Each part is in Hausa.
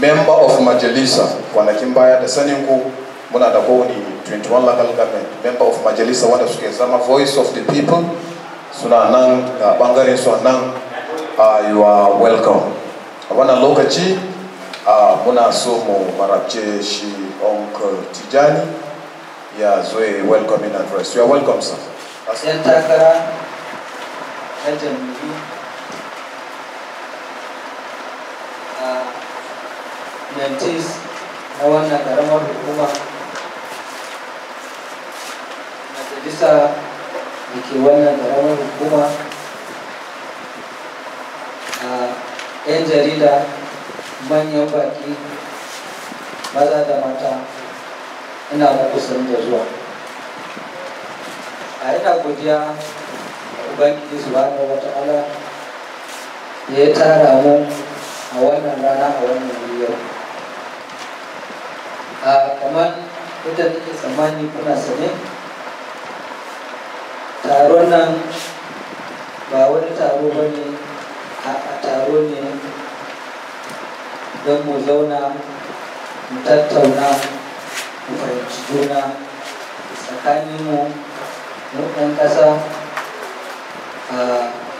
member of majalisa kwanakin baya da sanin ku muna da kowane 21 local government member of majalisa wanda suke zama voice of the people suna nan ga uh, bangaren su nan uh, you are welcome a wannan lokaci uh, muna so mu marabce shi uncle tijani ya zo welcome in address you are welcome sir. takara nantes na wannan karamar hukuma majalisa da ke wannan karamar hukuma a 'yan jarida manyan baki maza da mata ina muku san da zuwa a ina godiya ubangiji subhanahu wata'ala ala? ya tara mu a wannan rana a wannan yau kamar wata nake tsammani kuna sane taron nan ba wani taro ba ne a taro ne don mu zauna mu tattauna mu fahimci juna tsakaninmu mu ɗan ƙasa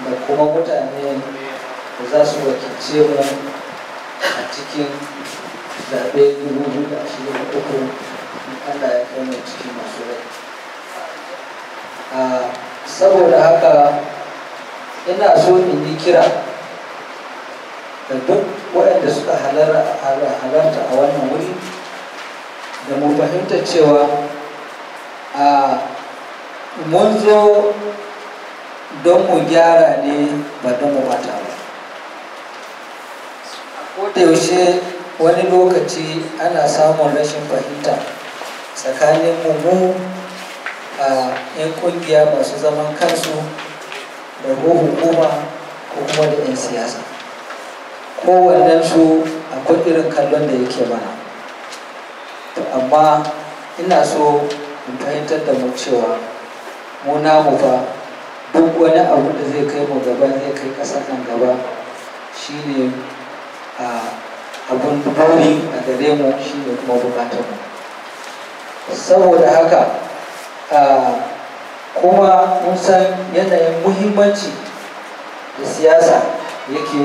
da kuma mutane da za su wakilce mu a cikin zaɓe dubu biyu da ashirin da uku Allah ya kai mai ciki masu rai. Saboda haka ina so in yi kira da duk waɗanda suka halarta a wannan wuri da mu fahimta cewa a mun zo don mu gyara ne ba don mu bata ba. yaushe wani lokaci ana samun rashin fahimta tsakanin mu a 'yan kungiya masu zaman kansu da ko hukuma ko kuma da 'yan siyasa su akwai irin kallon da yake mana amma ina so in fahimtar da mu cewa mu namu fa duk wani abu da zai kai mu gaba zai kai ƙasar nan gaba shine a abun dauri a gare mu shi ne kuma bukatar mu saboda haka kuma mun san yanayin muhimmanci da siyasa yake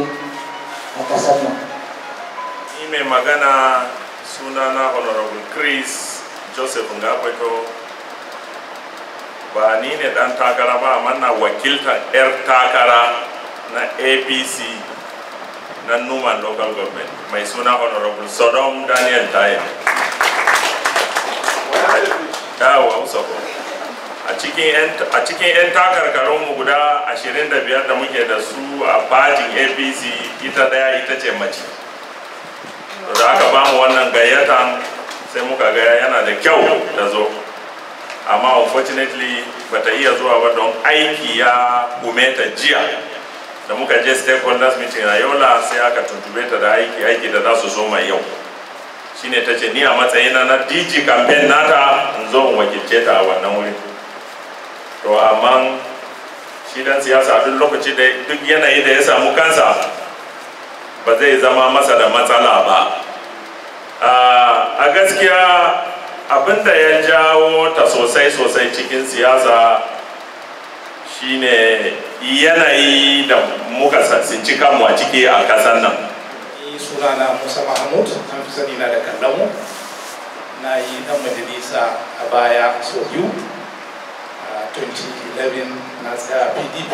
a ƙasar nan ni mai magana sunana honorable chris joseph ngafato ba ni ne dan takara ba amma na wakiltar 'yar takara na apc na Numan local government mai suna honorable Sodom Daniel Taye. Dawa Usoko. A cikin 'yan mu guda 25 da muke da su a fatin APC ita daya ita ce mace. Da aka bamu wannan gayyata sai muka gaya yana da kyau da zo. Amma unfortunately bata iya zuwa ba don aiki ya kumeta jiya. da muka je stakeholders meeting a yola sai aka tuntube ta da aiki aiki da za su zo mai yau shine ta ce ni a matsayina na dg campaign nata in zo in wakilce ta a wannan wuri to amma shi dan siyasa duk lokaci da duk yanayi da ya samu kansa ba zai zama masa da matsala ba a gaskiya da ya jawo ta sosai sosai cikin siyasa shine yanayi da muka sassinci kanmu a ciki a ƙasar nan sunana musa mahmud an fi sani na da kallonmu, na yi dan majalisa a baya so biyu a 2011 na tsaya pdp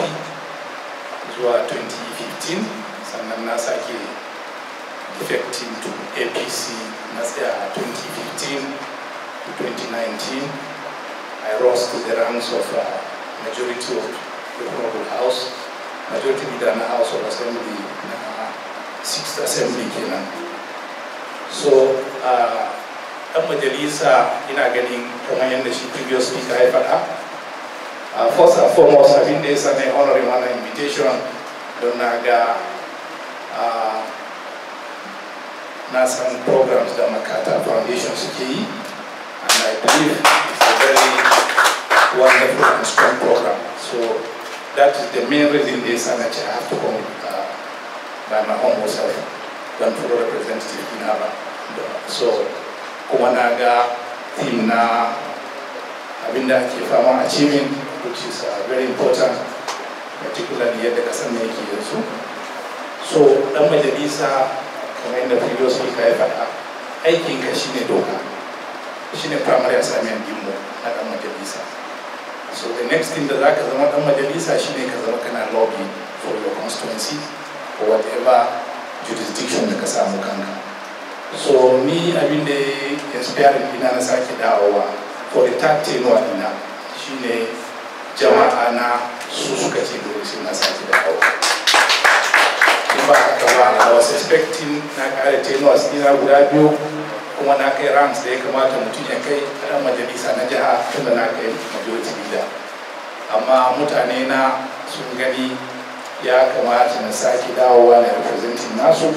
zuwa 2015 sannan na sake defecting to apc na tsaya 2015 to 2019 i rose to the ranks of a uh, majority of Republic House majority leader the House of Assembly na uh, 6th Assembly kenan so ɗan uh, majalisa ina ganin kamar the shi previous speaker ya faɗa uh, first and foremost i da ya sa na honoring invitation don na ga na programs da Makata Foundation suke yi and I believe it's a very wonderful and strong program so That is the main reason is and that I have to come uh, by my own self than for representative in Haba. So, Kumanaga, Timna, abinda ake fama achieving which is uh, very important particularly at yadda kasan ne yake yanzu. So, dan majalisa kamar the previous week speaker ya faɗa aikinka shine doka shine primary assignment din mu na dan majalisa. so the next thing da za ka zama dan majalisa shine ka zama kana lobby for your constituency or whatever jurisdiction da ka samu kanka so ni abin da inspiring ina na sake dawowa for the third tenure ina shine jama'a na su suka ce dole sai na sake dawowa in ba haka ba I was expecting na kare tenures ina guda biyu kuma na kai rams da ya kamata mutum ya kai ɗan majalisa na jiha tunda na kai majority leader amma mutane na sun gani ya kamata na sake dawowa na representing nasu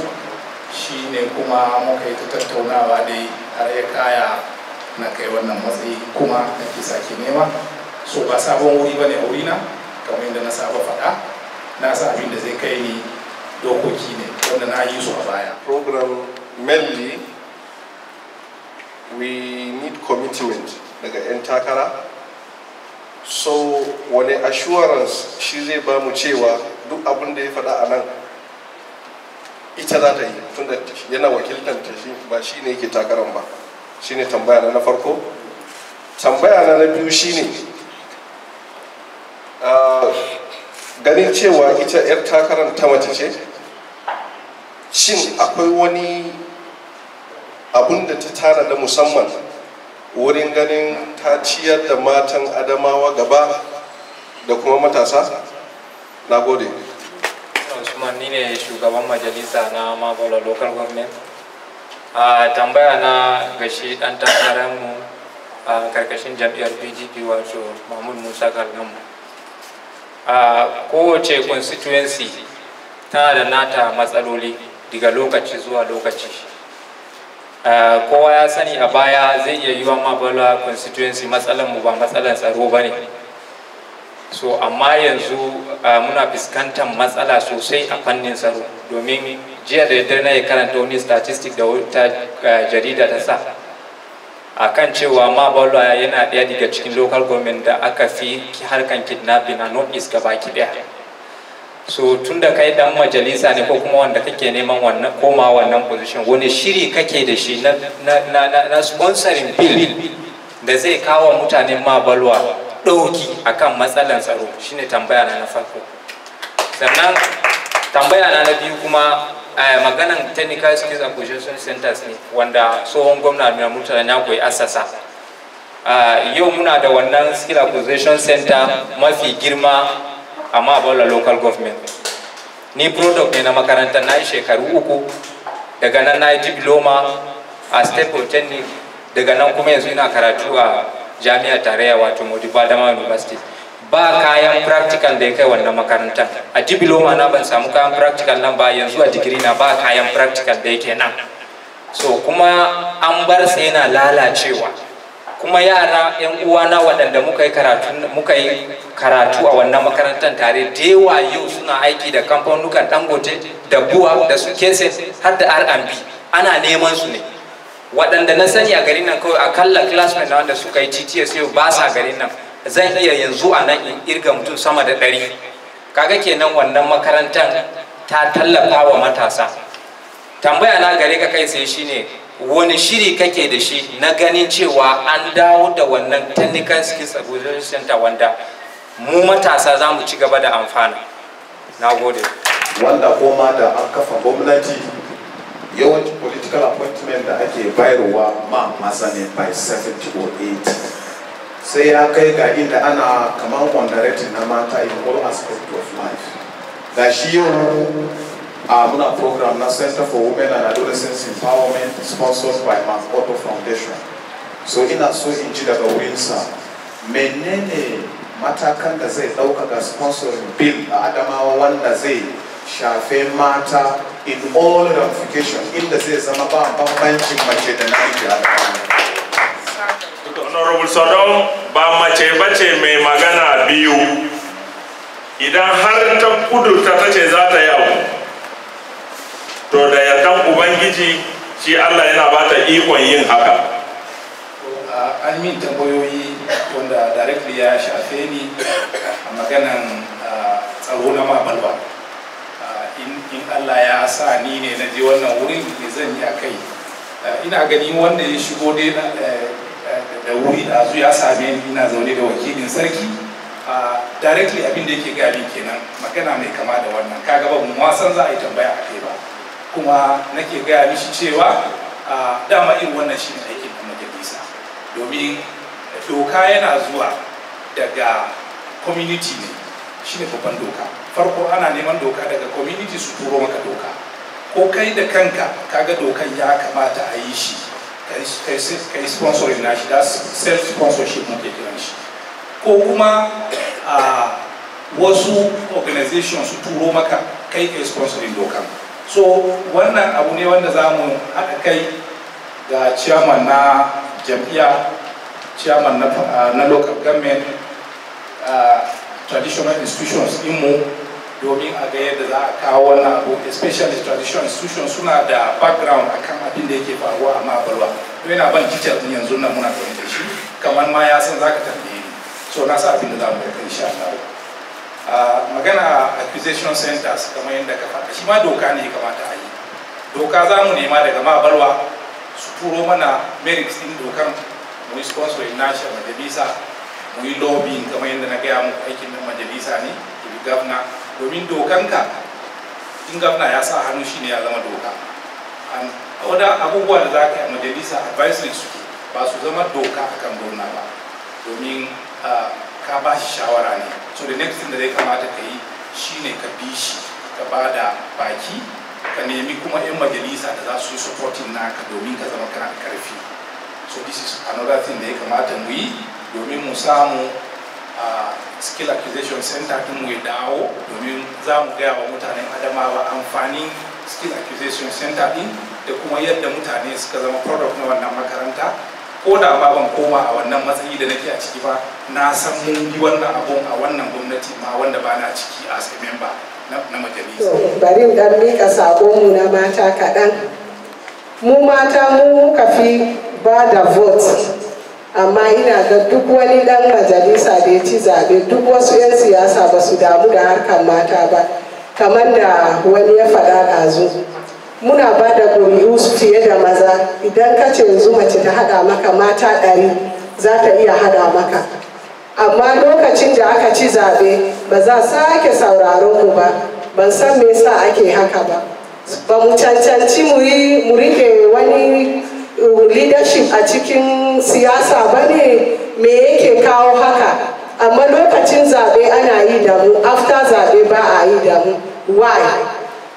shi ne kuma muka yi ta tattaunawa dai har ya kaya na kai wannan matsayi kuma na ke sake nema so ba sabon wuri ba ne a wurina kamar yadda na saba faɗa na sa abin da zai kai ni dokoki ne wanda na yi su a baya program mainly we need commitment daga 'yan takara so wani assurance shi zai ba mu cewa duk abin da ya faɗa a nan ita za ta yi da yana wakiltar ta shi ba shi ne yake takarar ba shi ne tambaya na na farko tambaya na na biyu shi ne ganin cewa ita 'yar takarar ta mace ce shin akwai wani abun da ta tara da musamman wurin ganin ta ciyar da matan adamawa gaba da kuma matasa na gode usman ni ne shugaban majalisa na mabola local government a tambaya na gashi dan takararmu a karkashin jam'iyyar pdp wato mahmud musa galgamu a kowace constituency tana da nata matsaloli daga lokaci zuwa lokaci Eh, kowa ya sani a baya zai iya yiwa mabala constituency matsalan mu ba matsalan tsaro ba ne so amma yanzu eh, muna fuskantar matsala sosai a fannin tsaro domin jiya da yadda na yi karanta wani statistic da wata eh, jarida ta sa a kan cewa mabalwa yana ɗaya daga cikin local government da aka fi harkan kidnapping a north east gaba ɗaya so tun da kai dan majalisa ne ko kuma wanda kake neman wannan koma wannan position wani shiri kake da shi na, na, na, na sponsoring bill da zai kawo mutanen ma balwa ɗauki akan matsalan tsaro shine tambaya na na farko sannan tambaya na na biyu kuma uh, maganan technical skills acquisition centers ne wanda tsohon gwamna na mutane ya koyi asasa uh, ah, yau muna da wannan skill acquisition center mafi girma amma a local government ni product ne na makaranta na yi shekaru uku daga nan na yi diploma a state polytechnic daga nan kuma yanzu ina karatu a jami'ar tarayya wato modibo university ba kayan practical da ya kai wannan makaranta a diploma na ban samu kayan practical nan ba yanzu a digiri na ba kayan practical da yake nan so kuma an bar sai yana lalacewa kuma yara yan uwana waɗanda muka yi karatu a wannan makarantar tare da yawa yau suna aiki da kamfanukan dangote da buwa da su kese har da R&B ana neman su ne waɗanda na sani a garin nan kawai akalla classmate na wanda suka yi TTS yau ba sa garin nan zan iya yanzu a nan in irga mutum sama da ɗari kaga kenan wannan makarantar ta tallafa wa matasa tambaya na gare ka kai sai shine wani shiri kake da shi na ganin cewa an dawo da wannan technical skills acquisition center wanda mu matasa za mu ci gaba da amfana na gode wanda koma da an kafa gwamnati yawanci political appointment da ake bayarwa ma masa ne by 70 or 80 sai ya kai ga inda ana kamar underrated na mata in all aspect of life ga shi yau Uh, muna program na Center for Women and Adolescents Empowerment sponsored by Mark Otto Foundation. So ina so in ji daga sa menene matakan da zai ɗauka ga sponsoring bill a Adamawa wanda zai shafe mata in all ramification inda zai zama ba bambancin mace da namiji a Honorable Sodom ba mace bace mai magana biyu idan har ta kudu ta tace za ta yi abu Idan ubangiji shi allah yana ba ta ikon yin haka an min tambayoyi wanda directly ya shafe ni a maganan tsaro na mabalwa in allah ya sa ni ne na je wannan wurin da zan yi a kai ina gani wanda ya shigo dai eh, eh, da wuri da ya same ni ina zaune da wakilin sarki directly abin da yake gami kenan magana mai kama da wannan kaga ba mu wasan za a yi tambaya a kai ba kuma nake gaya mishi cewa dama irin wannan shi ne aikin da majalisa domin doka yana zuwa daga community ne shi ne babban doka farko ana neman doka daga community su turo maka doka ko kai da kanka ka ga dokan ya kamata a yi shi kai sponsorin na shi self sponsorship muke kiran shi ko kuma wasu organization su turo maka kai kai sponsorin dokan so wannan abu ne wanda za mu haɗa kai ga ciyaman na jam'iyya ciyaman na, uh, na local government ah, traditional institutions mu domin a ga yadda za a kawo wannan abu especially traditional institutions suna da background a kan abin da yake faruwa a mabalwa to yana ban kicin din yanzu nan muna da shi kamar ma ya san zaka tambaye ni so na sa abin da za mu kai insha Allah magana accusation centers kamar yadda ka shi ma doka ne kamata a yi doka za mu nema daga mabalwa su turo mana merits din dokan mu yi sponsor nashi majalisa mu yi lobbying kamar yadda na gaya muku aikin nan majalisa ne to bi gafna domin dokanka in gafna ya sa hannu shi ne ya zama doka a oda abubuwa da za ka yi a majalisa advisory suke ba su zama doka akan gwamna ba domin ah, ka ba shi shawara ne so the next thing da ya kamata ka yi shine ka bi shi ka ba da baki ka nemi kuma 'yan majalisa da za su yi supporting naka domin ka zama kana karfi so this is another thing da ya kamata mu yi domin mu samu a skill acquisition center tun mu dawo domin za mu gaya wa mutanen adamawa amfani skill acquisition center din da kuma yadda mutane suka zama product na wannan makaranta ko da ma ban koma a wannan matsayi da nake a ciki ba na san mun yi wannan abun a wannan gwamnati ma wanda ba na ciki a sai memba na majalisa. bari dan mika mu na mata kaɗan mu mata mu muka fi ba da vote amma ina ga duk wani dan majalisa da ya ci zaɓe duk wasu 'yan siyasa ba su damu da harkar mata ba kamar da wani ya faɗa ɗazu muna ba da su fiye da maza idan ka ce yanzu mace ta hada maka mata ɗari za ta iya hada maka amma lokacin da aka ci zaɓe ba za sake sauraron mu ba ban san me yasa ake haka ba ba mu cancanci mu yi mu rike wani uh, leadership a cikin siyasa ba ne me yake kawo haka amma lokacin zaɓe ana yi da mu after zaɓe ba a yi da mu why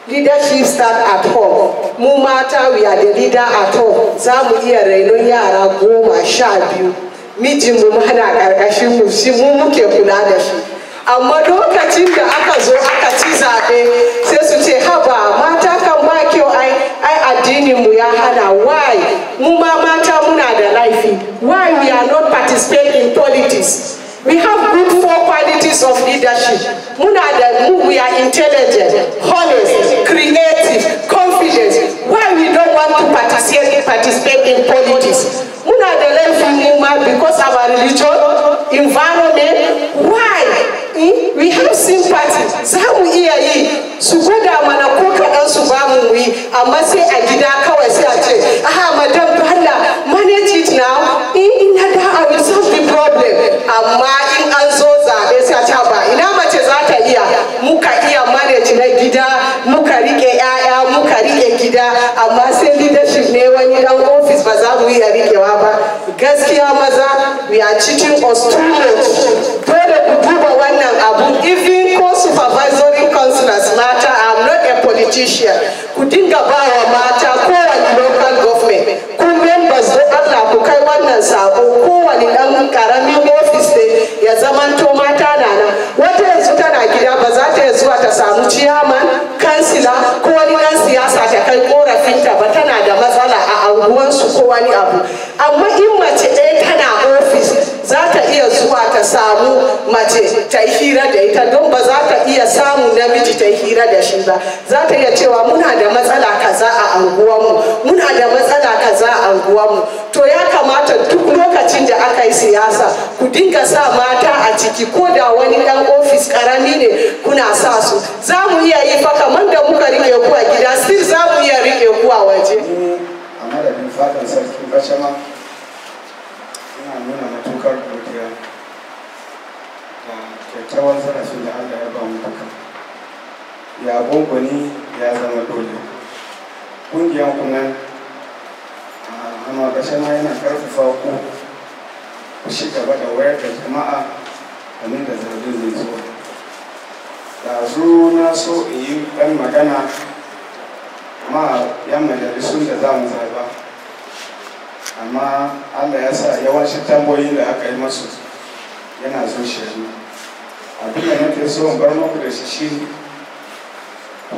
leadership start at home mu mata we are the leader at home za mu iya rainon yara goma sha biyu mijinmu mana karkashin mu shi mu muke kula da shi amma lokacin da aka zo aka ci zaɓe sai su ce haba mata kan ba kyau ai ai addinin mu ya hana why mu ma mata muna da laifi why we are not participating in politics We have good four qualities of leadership. We are intelligent, honest, creative, confident. Why we don't want to participate, participate in politics? Because our religion, environment, why? Hmm? We have sympathy. we amma leadership ne wani dan ofis ba za mu iya rikewa ba we are teaching our students. much dole ku duba wannan abu even ko supervisory councillors mata i'm not a politician ku wani abu amma in mace ɗaya tana ofis za ta iya zuwa ta samu mace ta yi hira da ita don ba za ta iya samu namiji ta yi hira da shi ba za ta iya cewa muna da matsala kaza a anguwanmu muna da matsala kaza a anguwanmu to ya kamata duk lokacin da aka yi siyasa ku dinga sa mata a ciki ko da wani ɗan ofis karami ne kuna sa su za mu iya yi fa kamar da muka riƙe ku a gida sir za mu iya rike ku a waje. fadan sarki ma ina nuna matukar godiya da kyakkyawar zarafin da allah ya ba mu duka ya gongoni ya zama dole ƙungiyar kunan amma ma yana karfafa ku ku shi gaba da wayar da jama'a game da zargin zai zuwa da zo na so in yi ɗan magana ma 'yan majalisun da za mu zaba amma allah ya sa yawancin tamboyi da aka yi masu yana son shi abin da nake so in bar muku da shi shi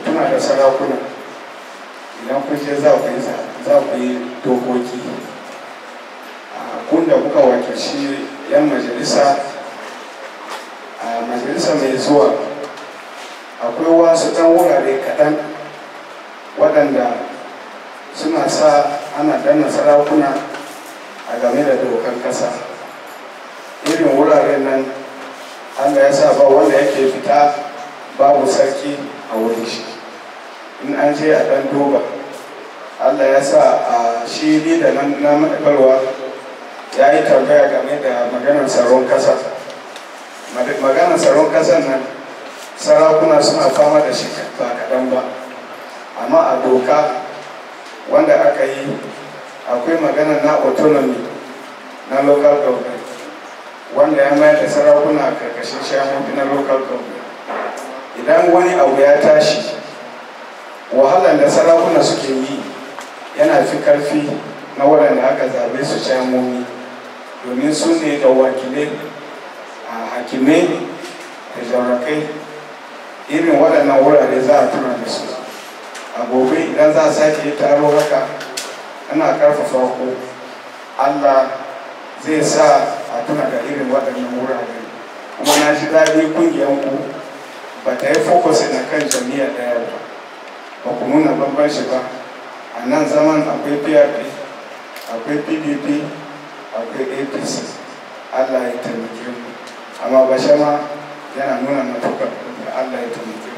kuna da sarakuna idan kun je za ku yi za ku yi dokoki a kun da kuka wakilci yan majalisa a majalisa mai zuwa akwai wasu ɗan wurare kaɗan waɗanda suna sa ana danna sarakuna a game da dokar kasa irin wuraren nan allah ya sa ba wanda yake fita babu sarki a wurin shi in an je a ɗan duba allah ya sa a shi da na maɗabarwa ya yi tambaya game da maganar tsaron kasa maganar tsaron kasan nan sarakuna suna fama da shi ba kaɗan ba amma a doka wanda aka yi akwai magana na autonomy na local government wanda ya mayar da sarakuna a karkashin shamofi na local government idan wani abu ya tashi wahalar da sarakuna suke yi yana fi karfi na waɗanda aka zabe su shamomi domin su ne da wakile, a hakime da jarakai. irin waɗannan wurare za a tura da su a gobe idan za a sake taro haka ana karfafa ku allah zai sa a tuna ga irin waɗannan wurare kuma na ji daɗi ku ba ta yi fokus na kan jami'a ɗaya ba ba ku nuna shi ba a nan zaman akwai prp akwai pdp akwai apc allah ya taimake mu amma ba shama yana nuna matuƙar da allah ya taimake